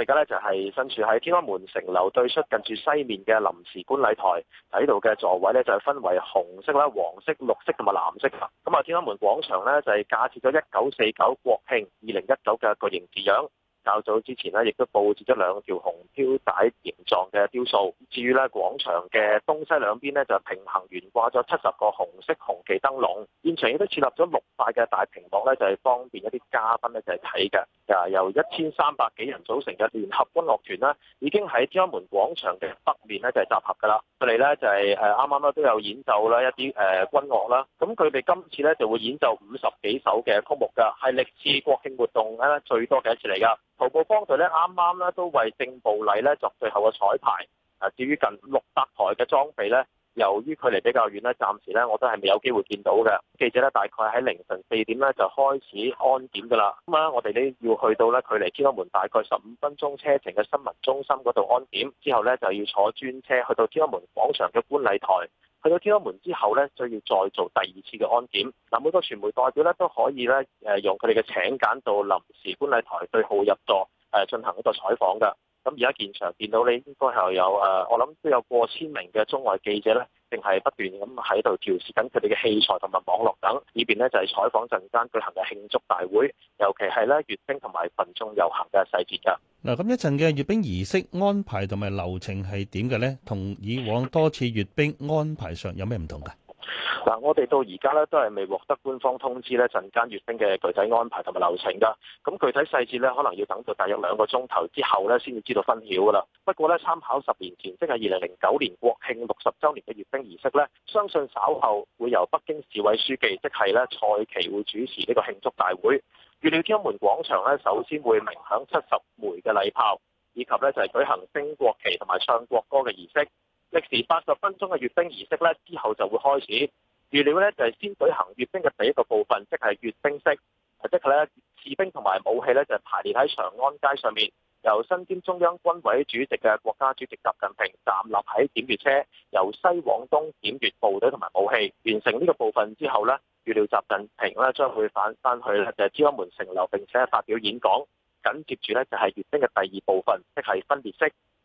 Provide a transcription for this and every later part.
而家咧就係身處喺天安門城樓對出，近住西面嘅臨時觀禮台。喺度嘅座位咧就係分為紅色啦、黃色、綠色同埋藍色。咁啊，天安門廣場咧就係架設咗一九四九國慶二零一九嘅巨型字樣。較早之前呢，亦都布置咗兩條紅飄帶形狀嘅雕塑。至於呢，廣場嘅東西兩邊呢，就平行懸掛咗七十個紅色紅旗燈籠。現場亦都設立咗六塊嘅大屏幕呢就係、是、方便一啲嘉賓呢就係睇嘅。啊，由一千三百幾人組成嘅聯合軍樂團啦，已經喺天安門廣場嘅北面呢就係、是、集合噶啦。佢哋呢就係誒啱啱咧都有演奏啦一啲誒、呃、軍樂啦。咁佢哋今次呢就會演奏五十幾首嘅曲目噶，係歷次國慶活動咧最多嘅一次嚟噶。徒步方隊呢，啱啱呢都為正步禮呢作最後嘅彩排。誒、啊，至於近六百台嘅裝備呢。由於距離比較遠咧，暫時咧我都係未有機會見到嘅。記者咧大概喺凌晨四點咧就開始安檢㗎啦。咁啊，我哋呢要去到咧距離天安門大概十五分鐘車程嘅新聞中心嗰度安檢，之後咧就要坐專車去到天安門廣場嘅觀禮台。去到天安門之後咧，就要再做第二次嘅安檢。嗱，每個傳媒代表咧都可以咧誒用佢哋嘅請柬到臨時觀禮台對號入座誒進行一個採訪㗎。咁而家現場見到你應該係有誒，我諗都有過千名嘅中外記者咧，定係不斷咁喺度調試緊佢哋嘅器材同埋網絡等。以便咧就係採訪陣間舉行嘅慶祝大會，尤其係咧，閱兵同埋群眾遊行嘅細節㗎。嗱，咁一陣嘅閱兵儀式安排同埋流程係點嘅咧？同以往多次閱兵安排上有咩唔同㗎？嗱，我哋到而家咧都係未獲得官方通知咧陣間閱兵嘅具體安排同埋流程噶，咁具體細節咧可能要等到大約兩個鐘頭之後咧先至知道分曉噶啦。不過咧，參考十年前即係二零零九年國慶六十週年嘅閱兵儀式咧，相信稍後會由北京市委書記即係咧蔡奇會主持呢個慶祝大會。預料天安門廣場咧首先會鳴響七十枚嘅禮炮，以及咧就係舉行升國旗同埋唱國歌嘅儀式。歷時八十分鐘嘅閱兵儀式咧，之後就會開始。預料呢就係、是、先舉行閱兵嘅第一個部分，即係閱兵式，即係咧士兵同埋武器咧就排列喺長安街上面，由身兼中央軍委主席嘅國家主席習近平站立喺檢閱車，由西往東檢閱部隊同埋武器。完成呢個部分之後呢，預料習近平咧將會返翻去咧就天、是、安門城樓，並且發表演講。緊接住呢，就係、是、閱兵嘅第二部分，即係分列式。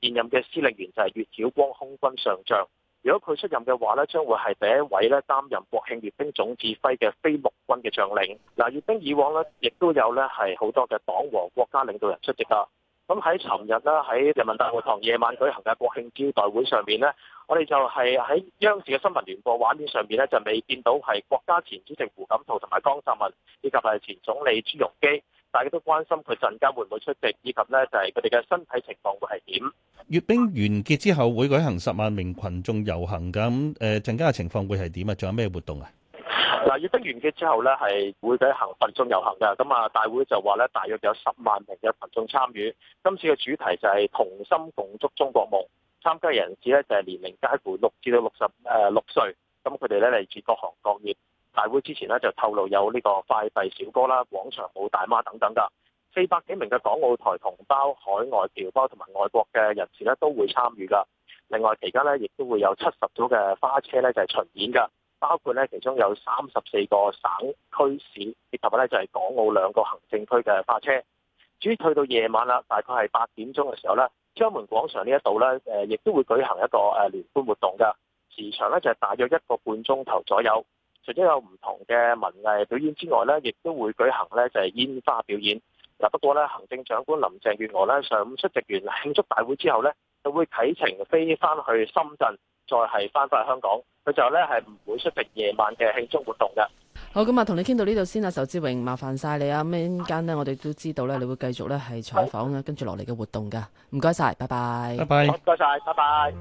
現任嘅司令員就係月曉光空軍上將。如果佢出任嘅話咧，將會係第一位咧擔任國慶閱兵總指揮嘅非陸軍嘅將領。嗱，閱兵以往咧，亦都有咧係好多嘅黨和國家領導人出席啦。咁喺尋日咧喺人民大會堂夜晚舉行嘅國慶招待會上面咧，我哋就係喺央視嘅新聞聯播畫面上面咧就未見到係國家前主席胡錦濤同埋江澤民以及係前總理朱鎔基。大家都關心佢陣間會唔會出席，以及呢就係佢哋嘅身體情況會係點？閱兵完結之後會舉行十萬名群眾遊行㗎，咁誒陣間嘅情況會係點啊？仲有咩活動啊？嗱，閱兵完結之後呢係會舉行群眾遊行㗎，咁啊大會就話呢，大約有十萬名嘅群眾參與。今次嘅主題就係同心共築中國夢。參加人士呢，就係年齡介乎六至到六十誒六歲，咁佢哋呢，嚟自各行各業。大會之前咧就透露有呢個快遞小哥啦、廣場舞大媽等等㗎。四百幾名嘅港澳台同胞、海外僑胞同埋外國嘅人士咧都會參與㗎。另外期間呢亦都會有七十組嘅花車呢就係巡演㗎，包括呢其中有三十四個省區市，以及呢就係港澳兩個行政區嘅花車。至於去到夜晚啦，大概係八點鐘嘅時候咧，將門廣場呢一度呢誒亦都會舉行一個誒聯歡活動㗎，時長呢就係大約一個半鐘頭左右。除咗有唔同嘅文藝表演之外咧，亦都會舉行咧就係煙花表演。嗱，不過咧，行政長官林鄭月娥咧上午出席完慶祝大會之後咧，就會啟程飛翻去深圳，再係翻返去香港。佢就咧係唔會出席夜晚嘅慶祝活動㗎。好，咁啊，同你傾到呢度先啊，仇志榮，麻煩晒你啊！咩間咧，我哋都知道咧，你會繼續咧係採訪啊，跟住落嚟嘅活動噶。唔該晒，拜拜。拜拜。唔該晒，拜拜。